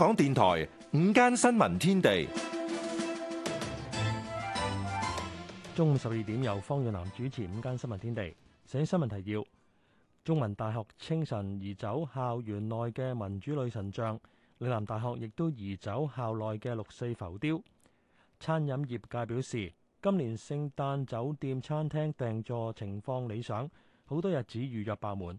香港電台午間新聞天地，中午十二點由方遠南主持午間新聞天地。先新聞提要：中文大學清晨移走校園內嘅民主女神像，嶺南大學亦都移走校內嘅六四浮雕。餐飲業界表示，今年聖誕酒店餐廳訂座情況理想，好多日子預約爆滿。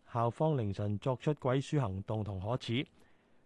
校方凌晨作出鬼書行動同可恥，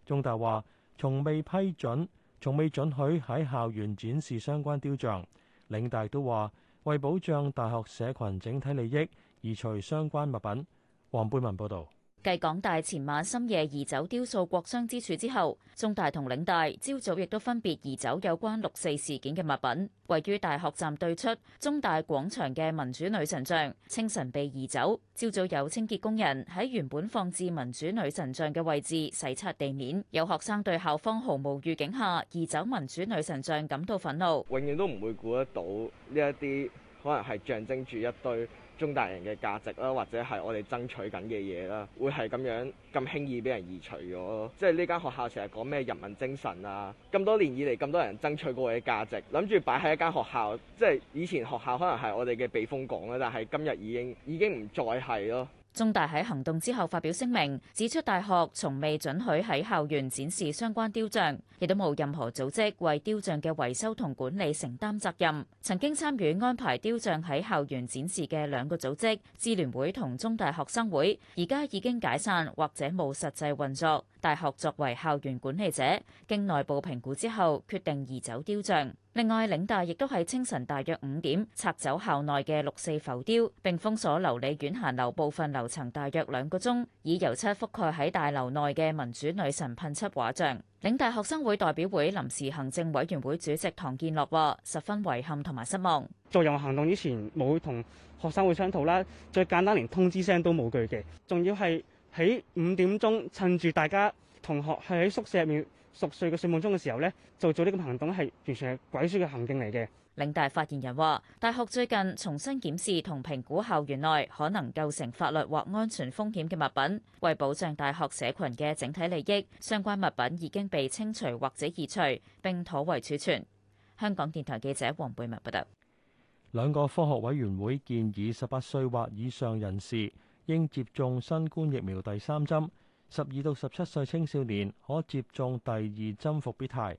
中大話從未批准，從未准許喺校園展示相關雕像。領大都話為保障大學社群整體利益移除相關物品。黃貝文報道。繼港大前晚深夜移走雕塑國殤之柱之後，中大同嶺大朝早亦都分別移走有關六四事件嘅物品。位於大學站對出中大廣場嘅民主女神像，清晨被移走。朝早有清潔工人喺原本放置民主女神像嘅位置洗擦地面。有學生對校方毫無預警下移走民主女神像感到憤怒。永遠都唔會估得到呢一啲可能係象徵住一堆。中大人嘅價值啦，或者係我哋爭取緊嘅嘢啦，會係咁樣咁輕易俾人移除咗。即係呢間學校成日講咩人民精神啊，咁多年以嚟咁多人爭取過嘅價值，諗住擺喺一間學校，即係以前學校可能係我哋嘅避風港啦，但係今日已經已經唔再係咯。中大喺行動之後發表聲明，指出大學從未准許喺校園展示相關雕像，亦都冇任何組織為雕像嘅維修同管理承擔責任。曾經參與安排雕像喺校園展示嘅兩個組織，支聯會同中大學生會，而家已經解散或者冇實際運作。大學作為校園管理者，經內部評估之後，決定移走雕像。另外，嶺大亦都喺清晨大約五點拆走校內嘅六四浮雕，並封鎖琉璃苑閑樓部分樓層大約兩個鐘，以油漆覆蓋喺大樓內嘅民主女神噴漆畫像。嶺大學生會代表會臨時行政委員會主席唐建樂話：十分遺憾同埋失望。做任何行動之前冇同學生會商討啦，最簡單連通知聲都冇句嘅，仲要係。喺五點鐘，趁住大家同學喺喺宿舍入面熟睡嘅睡夢中嘅時候，呢就做呢個行動，係完全係鬼鼠嘅行徑嚟嘅。嶺大發言人話：大學最近重新檢視同評估校園內可能構成法律或安全風險嘅物品，為保障大學社群嘅整體利益，相關物品已經被清除或者移除，並妥為儲存。香港電台記者黃貝文報道。兩個科學委員會建議十八歲或以上人士應接種新冠疫苗第三針，十二到十七歲青少年可接種第二針復必泰。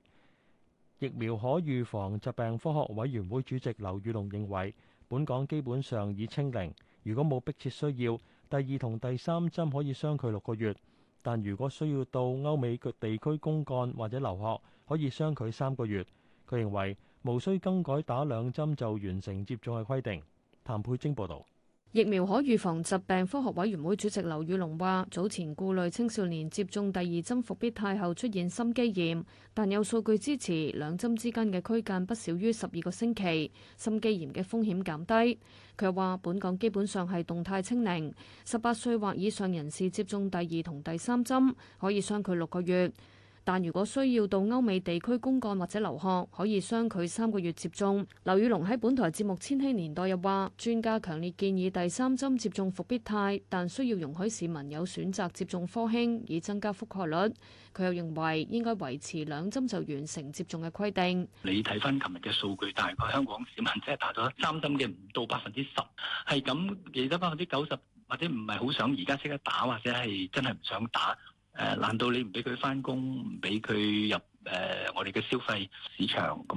疫苗可預防疾病科學委員會主席劉宇龍認為，本港基本上已清零，如果冇迫切需要，第二同第三針可以相距六個月，但如果需要到歐美各地區公幹或者留學，可以相距三個月。佢認為無需更改打兩針就完成接種嘅規定。譚佩晶報導。疫苗可預防疾病，科學委員會主席劉宇龍話：早前顧慮青少年接種第二針復必泰後出現心肌炎，但有數據支持兩針之間嘅區間不少於十二個星期，心肌炎嘅風險減低。佢又話：本港基本上係動態清零，十八歲或以上人士接種第二同第三針可以相距六個月。但如果需要到歐美地區公幹或者留學，可以相距三個月接種。劉宇龍喺本台節目《千禧年代》又話專家強烈建議第三針接種復必泰，但需要容許市民有選擇接種科興以增加覆蓋率。佢又認為應該維持兩針就完成接種嘅規定。你睇翻琴日嘅數據，大概香港市民即係打咗三針嘅唔到百分之十，係咁，記得百分之九十或者唔係好想而家即刻打，或者係真係唔想打。誒，難道你唔俾佢翻工，唔俾佢入誒、呃、我哋嘅消費市場，咁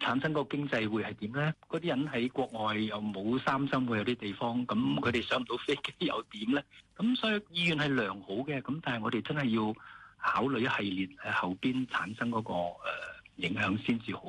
產生嗰個經濟會係點咧？嗰啲人喺國外又冇三心嘅，有啲地方，咁佢哋上唔到飛機又點咧？咁所以意願係良好嘅，咁但係我哋真係要考慮一系列後邊產生嗰、嗰個、呃、影響，先至好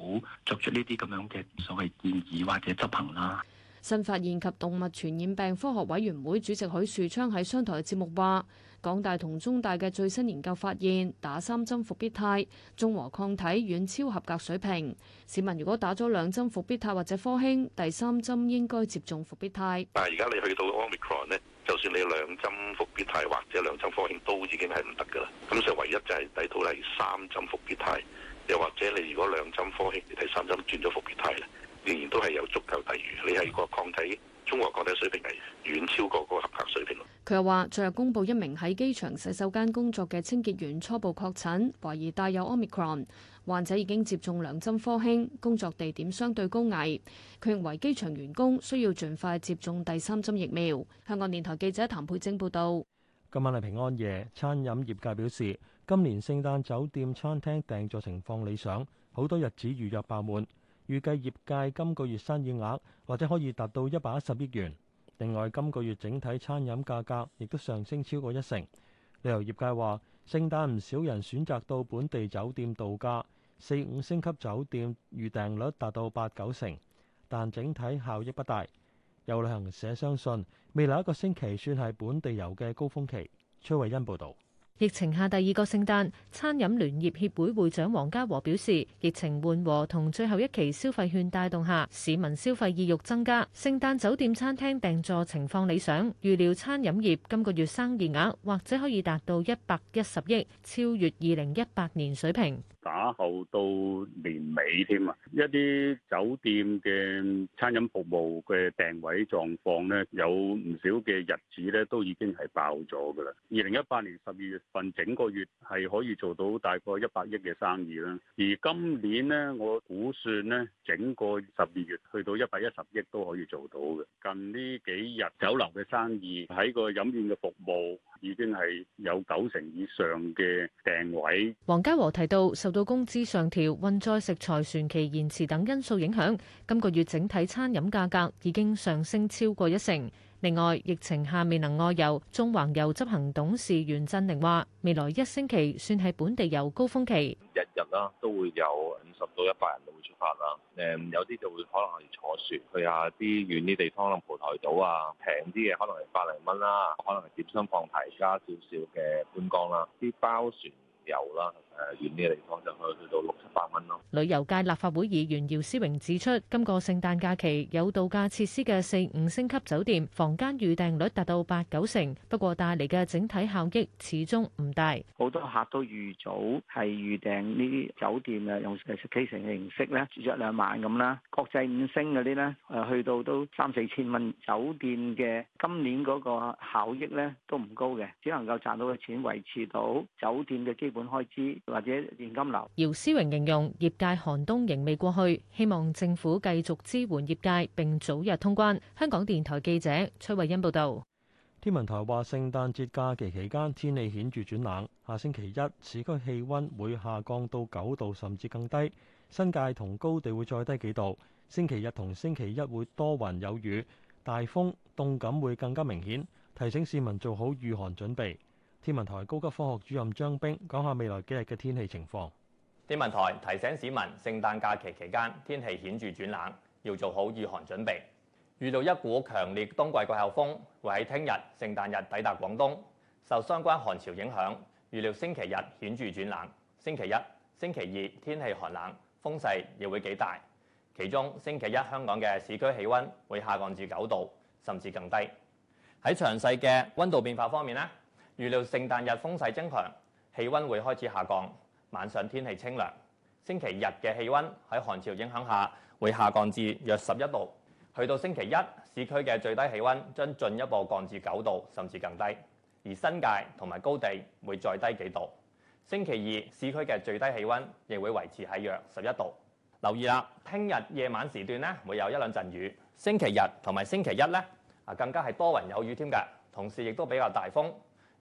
作出呢啲咁樣嘅所謂建議或者執行啦。新發現及動物傳染病科學委員會主席許樹昌喺商台節目話：港大同中大嘅最新研究發現，打三針復必泰中和抗體遠超合格水平。市民如果打咗兩針復必泰或者科興，第三針應該接種復必泰。但係而家你去到 Omicron 咧，就算你兩針復必泰或者兩針科興，都已經係唔得噶啦。咁所以唯一就係抵到係三針復必泰，又或者你如果兩針科興，你第三針轉咗復必泰啦。仍然都係有足夠體餘，你係個抗體，中和抗體水平係遠超過個合格水平咯。佢又話昨日公布一名喺機場洗手間工作嘅清潔員初步確診，懷疑帶有 omicron。患者已經接種兩針科興，工作地點相對高危。佢認為機場員工需要盡快接種第三針疫苗。香港電台記者譚佩晶報道。今晚係平安夜，餐飲業界表示，今年聖誕酒店、餐廳訂座情況理想，好多日子預約爆滿。預計業界今個月生意額或者可以達到一百一十億元。另外，今個月整體餐飲價格亦都上升超過一成。旅遊業界話，聖誕唔少人選擇到本地酒店度假，四五星級酒店預訂率達到八九成，但整體效益不大。有旅行社相信，未來一個星期算係本地遊嘅高峰期。崔慧欣報導。疫情下第二個聖誕，餐飲聯業協會會長黃家和表示，疫情緩和同最後一期消費券帶動下，市民消費意欲增加，聖誕酒店餐廳訂座情況理想，預料餐飲業今個月生意額或者可以達到一百一十億，超越二零一八年水平。打後到年尾添啊！一啲酒店嘅餐飲服務嘅訂位狀況咧，有唔少嘅日子咧都已經係爆咗嘅啦。二零一八年十二月份整個月係可以做到大概一百億嘅生意啦，而今年咧我估算咧整個十二月去到一百一十億都可以做到嘅。近呢幾日酒樓嘅生意喺個飲宴嘅服務。已經係有九成以上嘅訂位。黃家和提到，受到工資上調、運載食材船期延遲等因素影響，今個月整體餐飲價格已經上升超過一成。另外，疫情下未能外遊，中環遊執行董事袁振寧話，未來一星期算係本地遊高峰期，日日啦都會有五十到一百人都會出發啦。誒， 有啲就會可能係坐船去下啲遠啲地方，例如蒲台島啊，平啲嘅可能係百零蚊啦，可能係點心放題加少少嘅半江啦，啲包船遊啦。誒，遠啲嚟講就去去到六七百蚊咯。旅遊界立法會議員姚思榮指出，今個聖誕假期有度假設施嘅四五星級酒店房間預訂率達到八九成，不過帶嚟嘅整體效益始終唔大。好多客都預早係預訂呢啲酒店啊，用嘅 staycation 形式咧，住著兩晚咁啦。國際五星嗰啲咧誒，去到都三四千蚊。酒店嘅今年嗰個效益咧都唔高嘅，只能夠賺到嘅錢維持到酒店嘅基本開支。或者現金流。姚思榮形容業界寒冬仍未過去，希望政府繼續支援業界並早日通關。香港電台記者崔慧欣報道。天文台話聖誕節假期期間天氣顯著轉冷，下星期一市區氣温會下降到九度甚至更低，新界同高地會再低幾度。星期日同星期一會多雲有雨、大風，凍感會更加明顯，提醒市民做好御寒準備。天文台高級科學主任張冰講下未來幾日嘅天氣情況。天文台提醒市民，聖誕假期期間天氣顯著轉冷，要做好御寒準備。預料一股強烈冬季季候風會喺聽日聖誕日抵達廣東，受相關寒潮影響，預料星期日顯著轉冷，星期一、星期二天氣寒冷，風勢又會幾大。其中星期一香港嘅市區氣温會下降至九度，甚至更低。喺詳細嘅溫度變化方面呢。預料聖誕日風勢增強，氣温會開始下降，晚上天氣清涼。星期日嘅氣温喺寒潮影響下會下降至約十一度，去到星期一市區嘅最低氣温將進一步降至九度，甚至更低。而新界同埋高地會再低幾度。星期二市區嘅最低氣温亦會維持喺約十一度。留意啦，聽日夜晚時段咧會有一兩陣雨。星期日同埋星期一咧啊，更加係多雲有雨添㗎，同時亦都比較大風。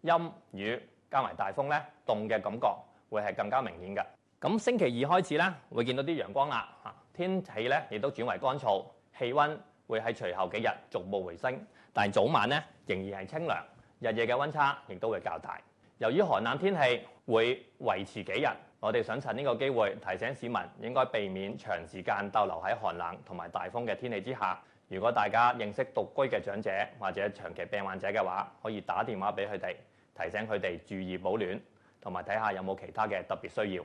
陰雨加埋大風咧，凍嘅感覺會係更加明顯嘅。咁星期二開始咧，會見到啲陽光啦，天氣咧亦都轉為乾燥，氣温會喺隨後幾日逐步回升，但係早晚咧仍然係清涼，日夜嘅温差亦都會較大。由於寒冷天氣會維持幾日，我哋想趁呢個機會提醒市民應該避免長時間逗留喺寒冷同埋大風嘅天氣之下。如果大家認識獨居嘅長者或者長期病患者嘅話，可以打電話俾佢哋。提醒佢哋注意保暖，同埋睇下有冇其他嘅特別需要。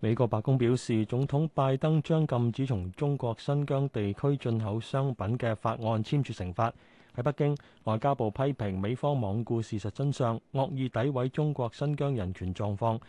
美國白宮表示，總統拜登將禁止從中國新疆地區進口商品嘅法案簽署成法。喺北京，外交部批評美方罔顧事實真相，惡意詆毀中國新疆人權狀況，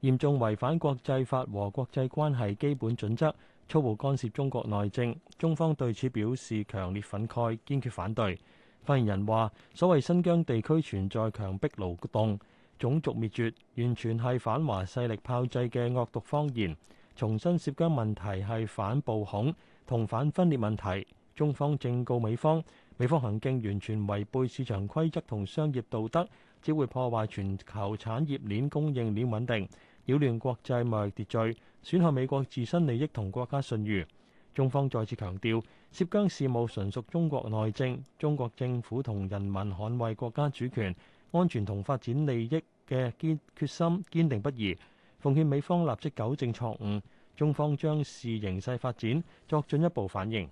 嚴重違反國際法和國際關係基本準則，粗暴干涉中國內政。中方對此表示強烈憤慨，堅決反對。發言人話：所謂新疆地區存在強迫勞動、種族滅絕，完全係反華勢力炮製嘅惡毒謊言。重新涉疆問題係反暴恐同反分裂問題。中方正告美方，美方行徑完全違背市場規則同商業道德，只會破壞全球產業鏈供應鏈穩定，擾亂國際貿易秩序，損害美國自身利益同國家信譽。中方再次強調。涉疆事務純屬中國內政，中國政府同人民捍衛國家主權、安全同發展利益嘅堅決心堅定不移。奉勸美方立即糾正錯誤，中方將視形勢發展作進一步反應。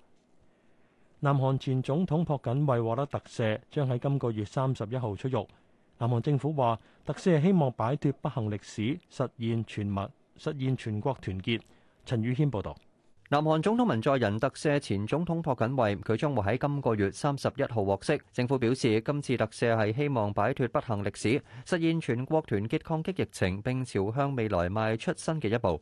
南韓前總統朴槿惠獲得特赦，將喺今個月三十一號出獄。南韓政府話，特赦希望擺脱不幸歷史，實現全民實現全國團結。陳宇軒報導。南韓總統文在寅特赦前總統朴槿惠，佢將會喺今個月三十一號獲釋。政府表示，今次特赦係希望擺脱不幸歷史，實現全國團結抗擊疫情，並朝向未來邁出新嘅一步。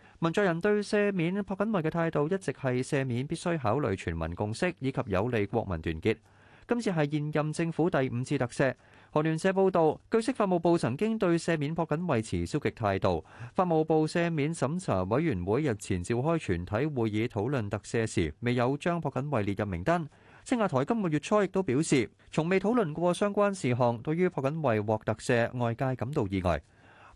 文在寅對赦免朴槿惠嘅態度一直係赦免必須考慮全民共識以及有利國民團結。今次係現任政府第五次特赦。韓聯社報導，據悉法務部曾經對赦免朴槿惠持消極態度。法務部赦免審查委員會日前召開全體會議討論特赦時，未有將朴槿惠列入名單。青瓦台今個月初亦都表示，從未討論過相關事項，對於朴槿惠獲特赦，外界感到意外。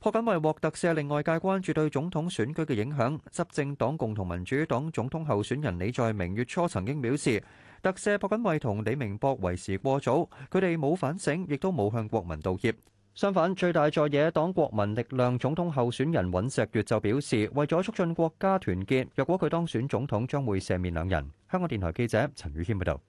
朴槿惠獲特赦，令外界關注對總統選舉嘅影響。執政黨共同民主黨總統候選人李在明月初曾經表示，特赦朴槿惠同李明博為時過早，佢哋冇反省，亦都冇向國民道歉。相反，最大在野黨國民力量總統候選人尹錫悅就表示，為咗促進國家團結，若果佢當選總統，將會赦免兩人。香港電台記者陳宇軒報導。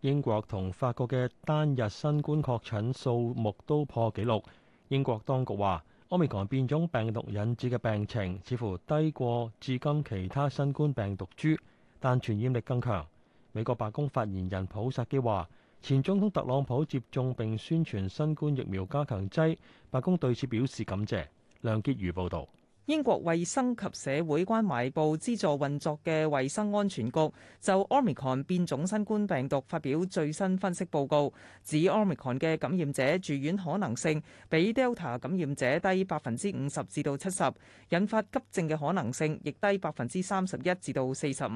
英國同法國嘅單日新冠確診數目都破紀錄。英國當局話。Omicron 變種病毒引致嘅病情似乎低過至今其他新冠病毒株，但傳染力更強。美國白宮發言人普薩基話：前總統特朗普接種並宣傳新冠疫苗加強劑，白宮對此表示感謝。梁潔如報導。英國衛生及社會關懷部資助運作嘅衛生安全局就 Omicron 變種新冠病毒發表最新分析報告，指 Omicron 嘅感染者住院可能性比 Delta 感染者低百分之五十至到七十，引發急症嘅可能性亦低百分之三十一至到四十五。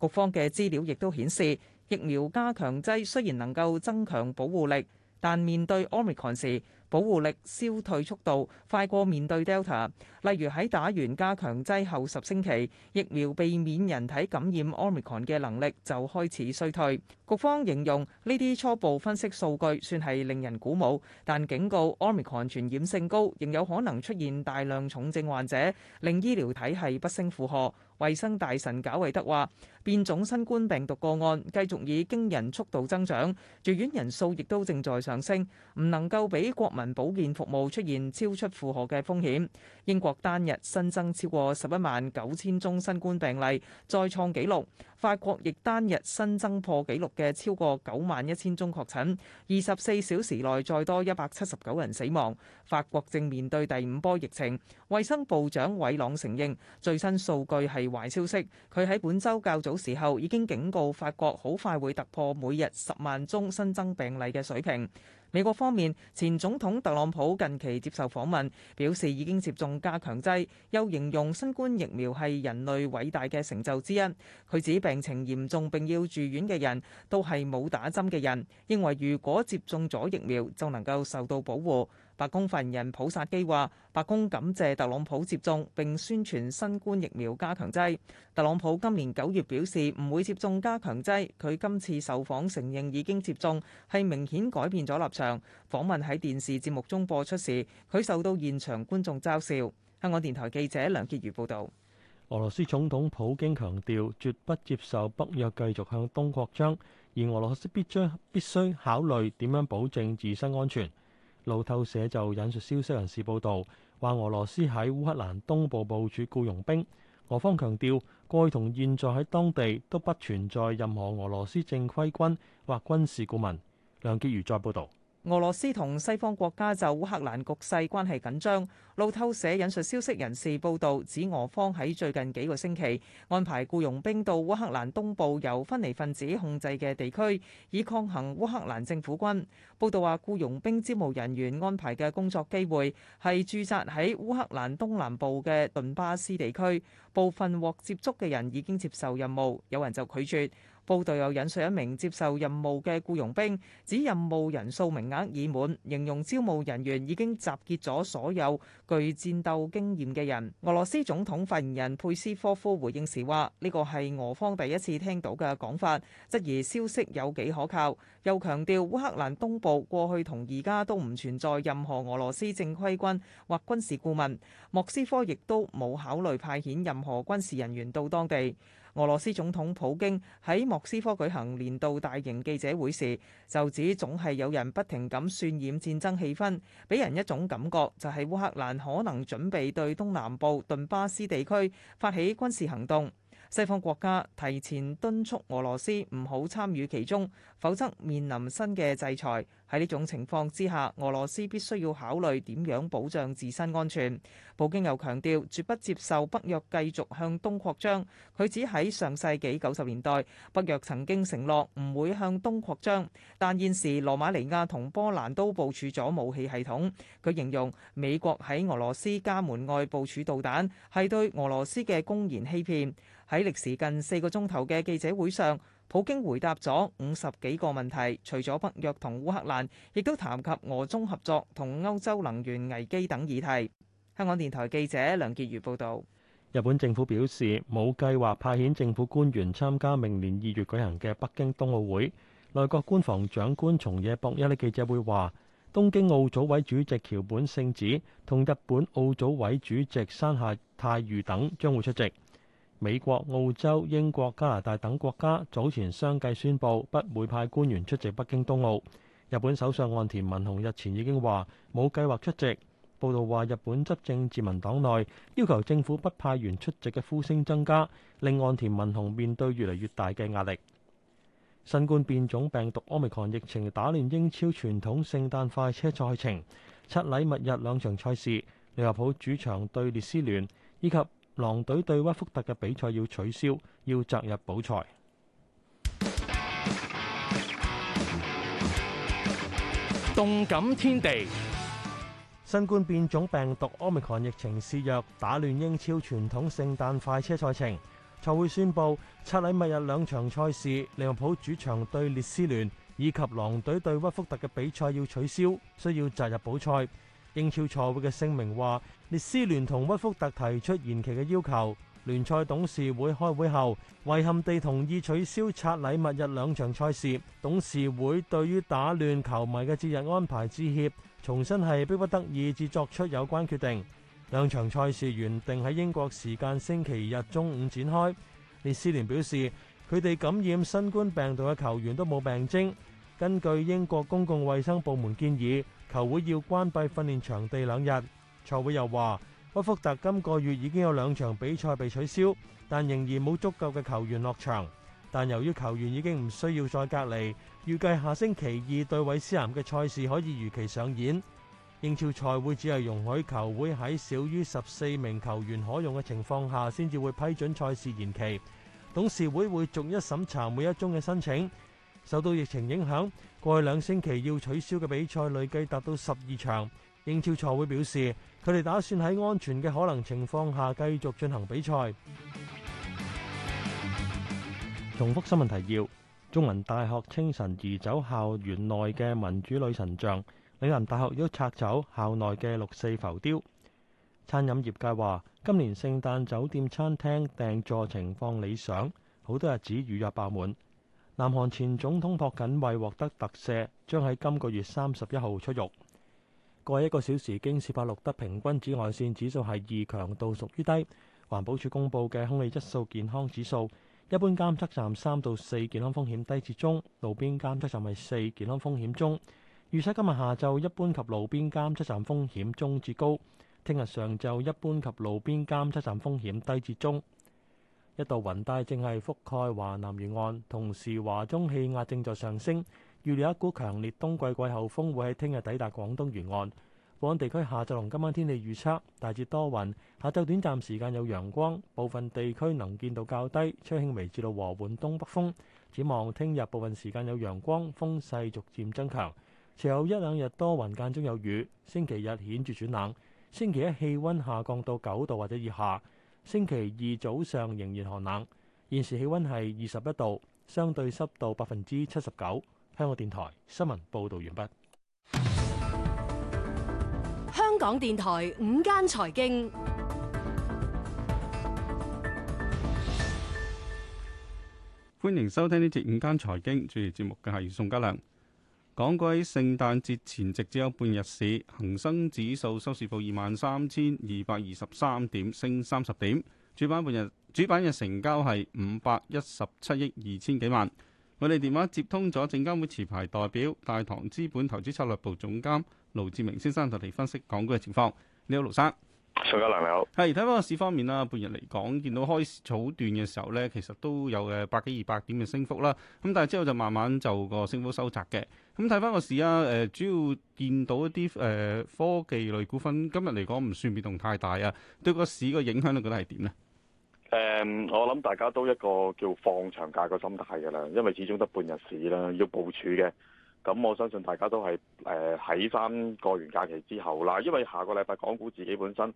局方嘅資料亦都顯示，疫苗加強劑雖然能夠增強保護力，但面對 Omicron 時保護力消退速度快過面對 Delta，例如喺打完加強劑後十星期，疫苗避免人體感染 Omicron 嘅能力就開始衰退。局方形容呢啲初步分析數據算係令人鼓舞，但警告 Omicron 傳染性高，仍有可能出現大量重症患者，令醫療體系不勝負荷。衞生大臣賈維德話：變種新冠病毒個案繼續以驚人速度增長，住院人數亦都正在上升，唔能夠俾國民保健服務出現超出負荷嘅風險。英國單日新增超過十一萬九千宗新冠病例，再創紀錄。法國亦單日新增破紀錄嘅超過九萬一千宗確診，二十四小時內再多一百七十九人死亡。法國正面對第五波疫情，衛生部長韋朗承認最新數據係壞消息。佢喺本週較早時候已經警告法國好快會突破每日十萬宗新增病例嘅水平。美國方面，前總統特朗普近期接受訪問，表示已經接種加強劑，又形容新冠疫苗係人類偉大嘅成就之一。佢指，病情嚴重並要住院嘅人都係冇打針嘅人，認為如果接種咗疫苗就能夠受到保護。白宮發言人普薩基話，白宮感謝特朗普接種，並宣傳新冠疫苗加強劑。特朗普今年九月表示唔會接種加強劑，佢今次受訪承認已經接種，係明顯改變咗立場。訪問喺電視節目中播出時，佢受到現場觀眾嘲笑。香港電台記者梁潔如報道。俄羅斯總統普京強調，絕不接受北約繼續向東擴張，而俄羅斯必將必須考慮點樣保證自身安全。路透社就引述消息人士報道，話俄羅斯喺烏克蘭東部部署雇傭兵，俄方強調過去同現在喺當地都不存在任何俄羅斯正規軍或軍事顧問。梁潔如再報道。俄羅斯同西方國家就烏克蘭局勢關係緊張。路透社引述消息人士報導，指俄方喺最近幾個星期安排僱傭兵到烏克蘭東部由分離分子控制嘅地區，以抗衡烏克蘭政府軍。報導話，僱傭兵招募人員安排嘅工作機會係駐紮喺烏克蘭東南部嘅頓巴斯地區，部分獲接觸嘅人已經接受任務，有人就拒絕。報道又引述一名接受任務嘅僱傭兵，指任務人數名額已滿，形容招募人員已經集結咗所有具戰鬥經驗嘅人。俄羅斯總統發言人佩斯科夫回應時話：呢個係俄方第一次聽到嘅講法，質疑消息有幾可靠，又強調烏克蘭東部過去同而家都唔存在任何俄羅斯正規軍或軍事顧問，莫斯科亦都冇考慮派遣任何軍事人員到當地。俄羅斯總統普京喺莫斯科舉行年度大型記者會時，就指總係有人不停咁渲染戰爭氣氛，俾人一種感覺就係烏克蘭可能準備對東南部頓巴斯地區發起軍事行動。西方國家提前敦促俄羅斯唔好參與其中，否則面臨新嘅制裁。喺呢種情況之下，俄羅斯必須要考慮點樣保障自身安全。普京又強調，絕不接受北約繼續向東擴張。佢指喺上世紀九十年代，北約曾經承諾唔會向東擴張，但現時羅馬尼亞同波蘭都部署咗武器系統。佢形容美國喺俄羅斯家門外部署導彈，係對俄羅斯嘅公然欺騙。喺歷時近四個鐘頭嘅記者會上，普京回答咗五十幾個問題，除咗北約同烏克蘭，亦都談及俄中合作同歐洲能源危機等議題。香港電台記者梁潔如報導。日本政府表示冇計劃派遣政府官員參加明年二月舉行嘅北京冬奧會。內閣官房長官松野博一喺記者會話，東京奧組委主席橋本聖子同日本奧組委主席山下泰裕等將會出席。美國、澳洲、英國、加拿大等國家早前相繼宣布不會派官員出席北京冬奧。日本首相岸田文雄日前已經話冇計劃出席。報道話日本執政自民黨內要求政府不派員出席嘅呼聲增加，令岸田文雄面對越嚟越大嘅壓力。新冠變種病毒奧密克戎疫情打亂英超傳統聖誕快車賽程，拆禮物日兩場賽事，利物浦主場對列斯聯以及狼隊對屈福特嘅比賽要取消，要擇日補賽。動感天地，新冠變種病毒 Omicron 疫情肆虐，打亂英超傳統聖誕快車賽程。賽會宣布，拆禮物日兩場賽事，利物浦主場對列斯聯以及狼隊對屈福特嘅比賽要取消，需要擇日補賽。英超賽會嘅聲明話，列斯聯同屈福特提出延期嘅要求。聯賽董事會開會後，遺憾地同意取消拆禮物日兩場賽事。董事會對於打亂球迷嘅節日安排致歉，重申係迫不得已至作出有關決定。兩場賽事原定喺英國時間星期日中午展開。列斯聯表示，佢哋感染新冠病毒嘅球員都冇病徵。根據英國公共衛生部門建議。球會要關閉訓練場地兩日，賽會又話屈福特今個月已經有兩場比賽被取消，但仍然冇足夠嘅球員落場。但由於球員已經唔需要再隔離，預計下星期二對韋斯咸嘅賽事可以如期上演。英超賽會只係容許球會喺少於十四名球員可用嘅情況下，先至會批准賽事延期。董事會會逐一審查每一宗嘅申請。受到疫情影響，過去兩星期要取消嘅比賽累計達到十二場。英超賽會表示，佢哋打算喺安全嘅可能情況下繼續進行比賽。重複新聞提要：中文大學清晨移走校園內嘅民主女神像，嶺南大學要拆走校內嘅六四浮雕。餐飲業界話，今年聖誕酒店餐廳訂座情況理想，好多日子預約爆滿。南韓前總統朴槿惠獲得特赦，將喺今個月三十一號出獄。過去一個小時，京士柏錄得平均紫外線指數係二，強度屬於低。環保署公佈嘅空氣質素健康指數，一般監測站三到四，健康風險低至中；路邊監測站係四，健康風險中。預測今日下晝一般及路邊監測站風險中至高，聽日上晝一般及路邊監測站風險低至中。一道雲帶正係覆蓋華南沿岸，同時華中氣壓正在上升，預料一股強烈冬季季候風會喺聽日抵達廣東沿岸。本港地區下晝同今晚天氣預測，大致多雲，下晝短暫時間有陽光，部分地區能見度較低，吹輕微至到和緩東北風。展望聽日部分時間有陽光，風勢逐漸增強，隨後一兩日多雲間中有雨。星期日顯著轉冷，星期一氣温下降到九度或者以下。星期二早上仍然寒冷，現時氣溫係二十一度，相對濕度百分之七十九。香港電台新聞報道完畢。香港電台午間財經，經歡迎收聽呢節午間財經主持節目嘅係宋家亮。港股喺聖誕節前夕只有半日市，恒生指數收市報二萬三千二百二十三點，升三十點。主板半日，主板日成交係五百一十七億二千幾萬。我哋電話接通咗證監會持牌代表大堂資本投資策略部總監盧志明先生，同我哋分析港股嘅情況。你好，盧生。徐家良，你好，係睇翻個市方面啦，半日嚟講，見到開市早段嘅時候咧，其實都有誒百幾二百點嘅升幅啦，咁但係之後就慢慢就個升幅收窄嘅。咁睇翻個市啊，誒，主要見到一啲誒科技類股份，今日嚟講唔算變動太大啊，對個市個影響你覺得係點呢？誒、嗯，我諗大家都一個叫放長假個心態噶啦，因為始終得半日市啦，要部署嘅。咁我相信大家都係誒喺翻過完假期之後啦，因為下個禮拜港股自己本身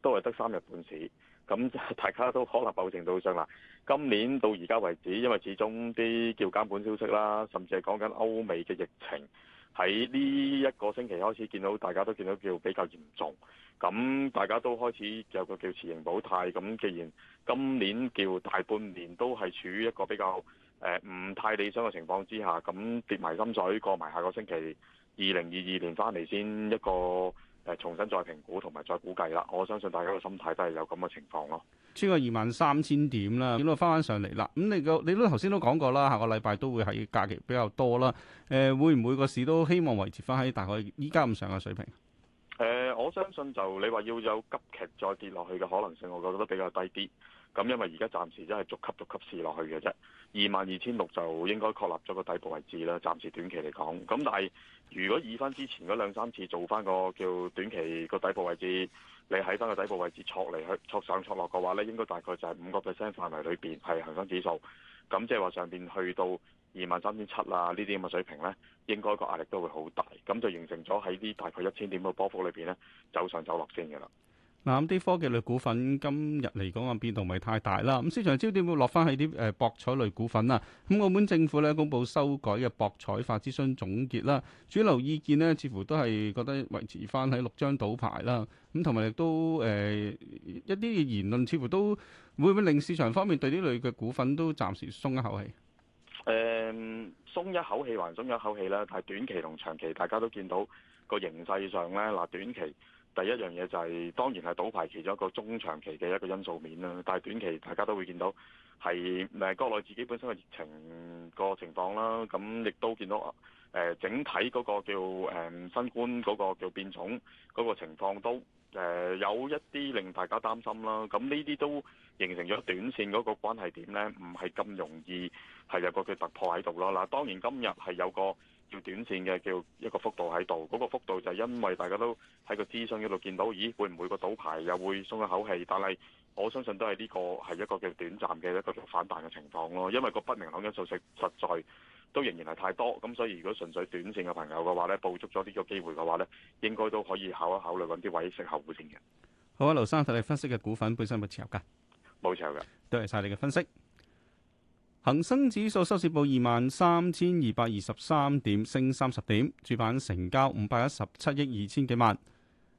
都係得三日半市。咁大家都可能某程度上啦，今年到而家為止，因為始終啲叫監管消息啦，甚至係講緊歐美嘅疫情喺呢一個星期開始見到大家都見到叫比較嚴重，咁大家都開始有個叫持盈保泰。咁既然今年叫大半年都係處於一個比較。誒，唔太理想嘅情況之下，咁跌埋心水，過埋下個星期二零二二年翻嚟，先一個誒，重新再評估同埋再估計啦。我相信大家嘅心態都係有咁嘅情況咯。超過二萬三千點啦，點都翻翻上嚟啦。咁你個你都頭先都講過啦，下個禮拜都會係假期比較多啦。誒、呃，會唔會個市都希望維持翻喺大概依家咁上下水平？誒、呃，我相信就你話要有急劇再跌落去嘅可能性，我覺得比較低啲。咁因為而家暫時都係逐級逐級試落去嘅啫，二萬二千六就應該確立咗個底部位置啦。暫時短期嚟講，咁但係如果以翻之前嗰兩三次做翻個叫短期個底部位置，你喺翻個底部位置戳嚟去戳上戳落嘅話呢，應該大概就係五個 percent 範圍裏邊係恒生指數。咁即係話上邊去到二萬三千七啊呢啲咁嘅水平呢，應該個壓力都會好大，咁就形成咗喺呢大概一千點嘅波幅裏邊呢，走上走落先嘅啦。嗱，咁啲科技類股份今日嚟講啊，變動唔係太大啦。咁市場焦點會落翻喺啲誒博彩類股份啦。咁澳門政府咧公佈修改嘅博彩法諮詢總結啦，主流意見呢，似乎都係覺得維持翻喺六張賭牌啦。咁同埋亦都誒、呃、一啲言論，似乎都會唔會令市場方面對呢類嘅股份都暫時鬆一口氣？誒、呃，鬆一口氣還鬆一口氣啦。但係短期同長期，大家都見到個形勢上咧，嗱短期。第一樣嘢就係、是、當然係賭牌其中一個中長期嘅一個因素面啦，但係短期大家都會見到係誒國內自己本身嘅疫情個情況啦，咁亦都見到誒、呃、整體嗰個叫誒、呃、新冠嗰個叫變種嗰個情況都誒、呃、有一啲令大家擔心啦，咁呢啲都形成咗短線嗰個關係點咧，唔係咁容易係有個佢突破喺度咯。嗱，當然今日係有個。叫短線嘅叫一個幅度喺度。嗰個幅度就係因為大家都喺個資訊嗰度見到，咦會唔會個賭牌又會鬆一口氣？但係我相信都係呢個係一個叫短暫嘅一個反彈嘅情況咯，因為個不明朗因素實在都仍然係太多，咁所以如果純粹短線嘅朋友嘅話咧，捕捉咗呢個機會嘅話咧，應該都可以考一考慮揾啲位適合股先嘅。好啊，劉生，睇你分析嘅股份本身有冇持有噶？冇持有嘅，多謝晒你嘅分析。恒生指數收市報二萬三千二百二十三點，升三十點，主板成交五百一十七億二千幾萬。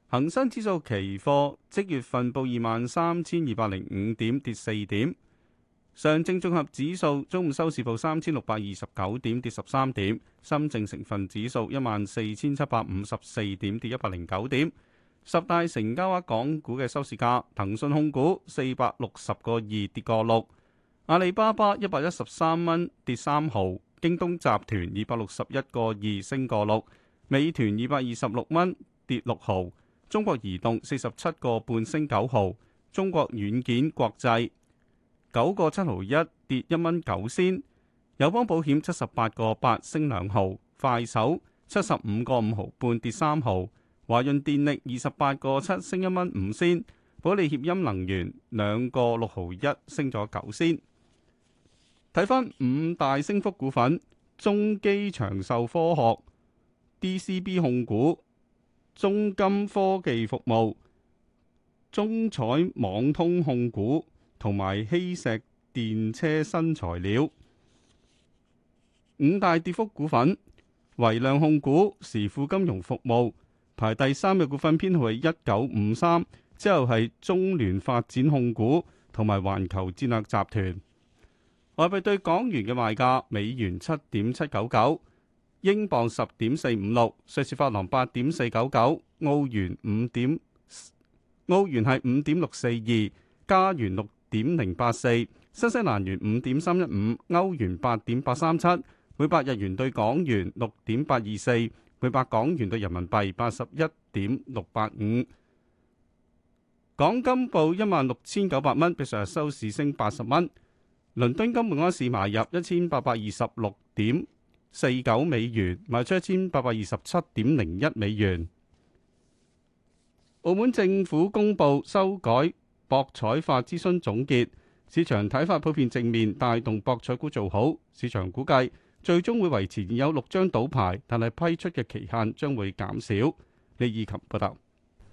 恒生指數期貨即月份報二萬三千二百零五點，跌四點。上證綜合指數中午收市報三千六百二十九點，跌十三點。深證成分指數一萬四千七百五十四點，跌一百零九點。十大成交額港股嘅收市價，騰訊控股四百六十個二，跌個六。阿里巴巴一百一十三蚊跌三毫，京東集團二百六十一個二升個六，美團二百二十六蚊跌六毫，中國移動四十七個半升九毫，中國軟件國際九個七毫一跌一蚊九仙，友邦保險七十八個八升兩毫，快手七十五個五毫半跌三毫，華潤電力二十八個七升一蚊五仙，保利協鑫能源兩個六毫一升咗九仙。睇返五大升幅股份：中基長壽科學、D C B 控股、中金科技服務、中彩網通控股同埋希石電車新材料。五大跌幅股份：維量控股、時富金融服務。排第三嘅股份編號係一九五三，之後係中聯發展控股同埋環球戰略集團。外幣對港元嘅賣價：美元七點七九九，英鎊十點四五六，瑞士法郎八點四九九，澳元五點，澳元係五點六四二，加元六點零八四，新西蘭元五點三一五，歐元八點八三七，每百日元對港元六點八二四，每百港元對人民幣八十一點六八五。港金報一萬六千九百蚊，比上日收市升八十蚊。倫敦金每盎司買入一千八百二十六點四九美元，賣出一千八百二十七點零一美元。澳門政府公布修改博彩法諮詢總結，市場睇法普遍正面，帶動博彩股做好。市場估計最終會維持有六張賭牌，但係批出嘅期限將會減少。李以琴報道。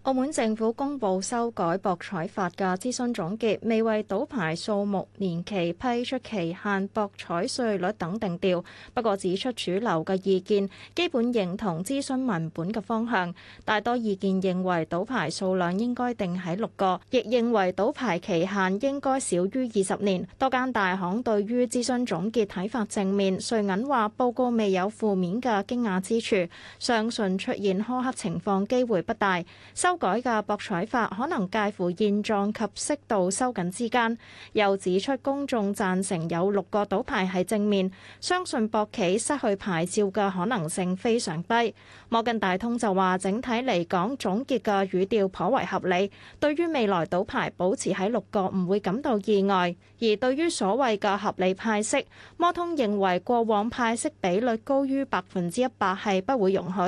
澳門政府公布修改博彩法嘅諮詢總結，未為賭牌數目、年期、批出期限、博彩稅率等定調。不過指出主流嘅意見，基本認同諮詢文本嘅方向。大多意見認為賭牌數量應該定喺六個，亦認為賭牌期限應該少於二十年。多間大行對於諮詢總結睇法正面，瑞銀話報告未有負面嘅驚訝之處，相信出現苛刻情況機會不大。收修改嘅博彩法可能介乎現狀及適度收緊之間，又指出公眾贊成有六個賭牌係正面，相信博企失去牌照嘅可能性非常低。摩根大通就話，整體嚟講總結嘅語調頗為合理，對於未來賭牌保持喺六個唔會感到意外，而對於所謂嘅合理派息，摩通認為過往派息比率高於百分之一百係不會容許，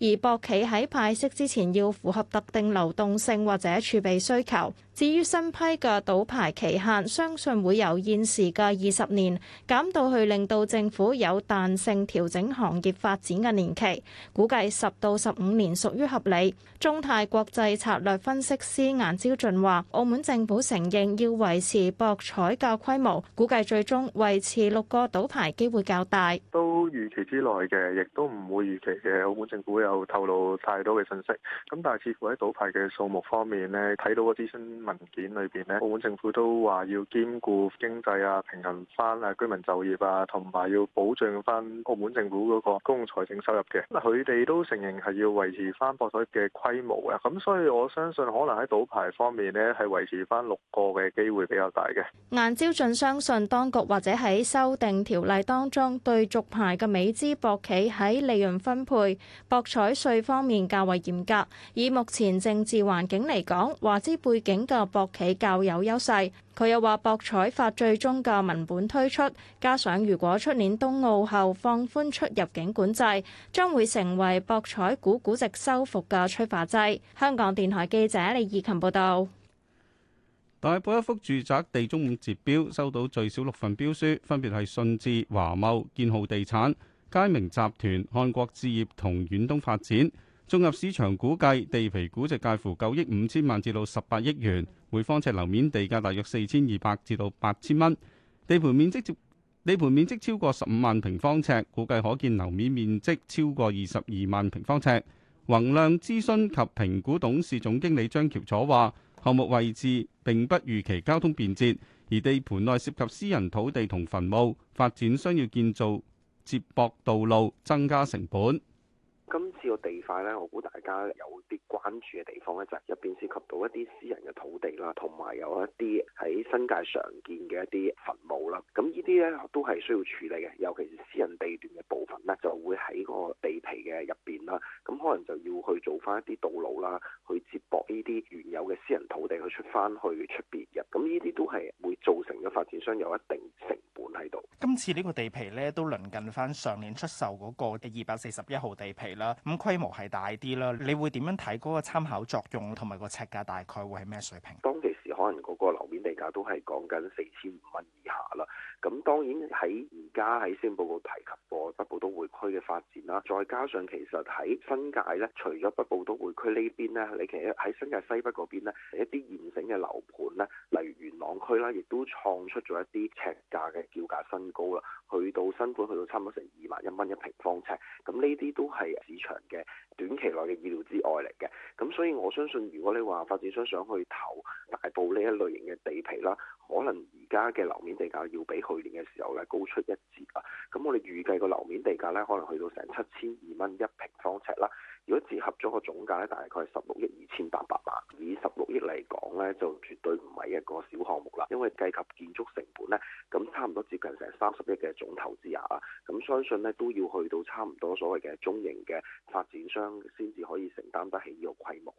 而博企喺派息之前要符合特定流動性或者儲備需求。至於新批嘅賭牌期限，相信會由現時嘅二十年減到去，令到政府有彈性調整行業發展嘅年期，估計十到十五年屬於合理。中泰國際策略分析師顏朝俊話：澳門政府承認要維持博彩嘅規模，估計最終維持六個賭牌機會較大。都預期之內嘅，亦都唔會預期嘅。澳門政府有透露太多嘅信息，咁但係似乎喺賭牌嘅數目方面呢，睇到個諮詢文件裏邊咧，澳門政府都話要兼顧經濟啊，平衡翻啊居民就業啊，同埋要保障翻澳門政府嗰個公共財政收入嘅。佢哋都承認係要維持翻博彩嘅規模啊，咁所以我相信可能喺賭牌方面咧，係維持翻六個嘅機會比較大嘅。顏招俊相信當局或者喺修訂條例當中對續牌嘅美資博企喺利潤分配、博彩稅方面較為嚴格。以目前政治環境嚟講，華資背景嘅博企較有優勢，佢又話博彩法最終嘅文本推出，加上如果出年冬奧後放寬出入境管制，將會成為博彩股估值收復嘅催化劑。香港電台記者李義勤報道。大埔一幅住宅地中午截標，收到最少六份標書，分別係信置、華懋、建浩地產、佳明集團、漢國置業同遠東發展。綜合市場估計，地皮估值介乎九億五千萬至到十八億元，每方尺樓面地價大約四千二百至到八千蚊。地盤面積接地盤面積超過十五萬平方尺，估計可見樓面面積超過二十二萬平方尺。宏亮諮詢及評估董、董事總經理張橋楚話，項目位置並不預期交通便捷，而地盤內涉及私人土地同墳墓，發展商要建造接駁道路，增加成本。今次個地塊咧，我估大家有啲關注嘅地方咧，就係入邊涉及到一啲私人嘅土地啦，同埋有一啲喺新界常見嘅一啲墳墓啦。咁呢啲咧都係需要處理嘅，尤其是私人地段嘅部分咧，就會喺個地皮嘅入邊啦。咁可能就要去做翻一啲道路啦，去接駁呢啲原有嘅私人土地去出翻去出邊入。咁呢啲都係會造成咗發展商有一定成本喺度。今次呢個地皮咧都鄰近翻上年出售嗰個嘅二百四十一號地皮。啦，咁、嗯、規模係大啲啦，你會點樣睇嗰個參考作用同埋個尺價大概會係咩水平？當其時可能嗰個樓面地價都係講緊四千五蚊以下啦。咁當然喺而家喺新聞報告提及過北部都會區嘅發展啦，再加上其實喺新界咧，除咗北部都會區邊呢邊咧，你其實喺新界西北嗰邊咧，一啲現成嘅樓盤咧，例如元朗區啦，亦都創出咗一啲尺價嘅叫價新高啦，去到新盤去到差唔多成二萬一蚊一平方尺。咁呢啲都係。市場嘅。短期內嘅意料之外嚟嘅，咁所以我相信，如果你話發展商想去投大埔呢一類型嘅地皮啦，可能而家嘅樓面地價要比去年嘅時候咧高出一截啊。咁我哋預計個樓面地價咧，可能去到成七千二蚊一平方尺啦。如果折合咗個總價咧，大概係十六億二千八百萬。以十六億嚟講咧，就絕對唔係一個小項目啦。因為計及建築成本咧，咁差唔多接近成三十億嘅總投資額啊。咁相信咧都要去到差唔多所謂嘅中型嘅發展商。先至可以承擔得起呢個規模。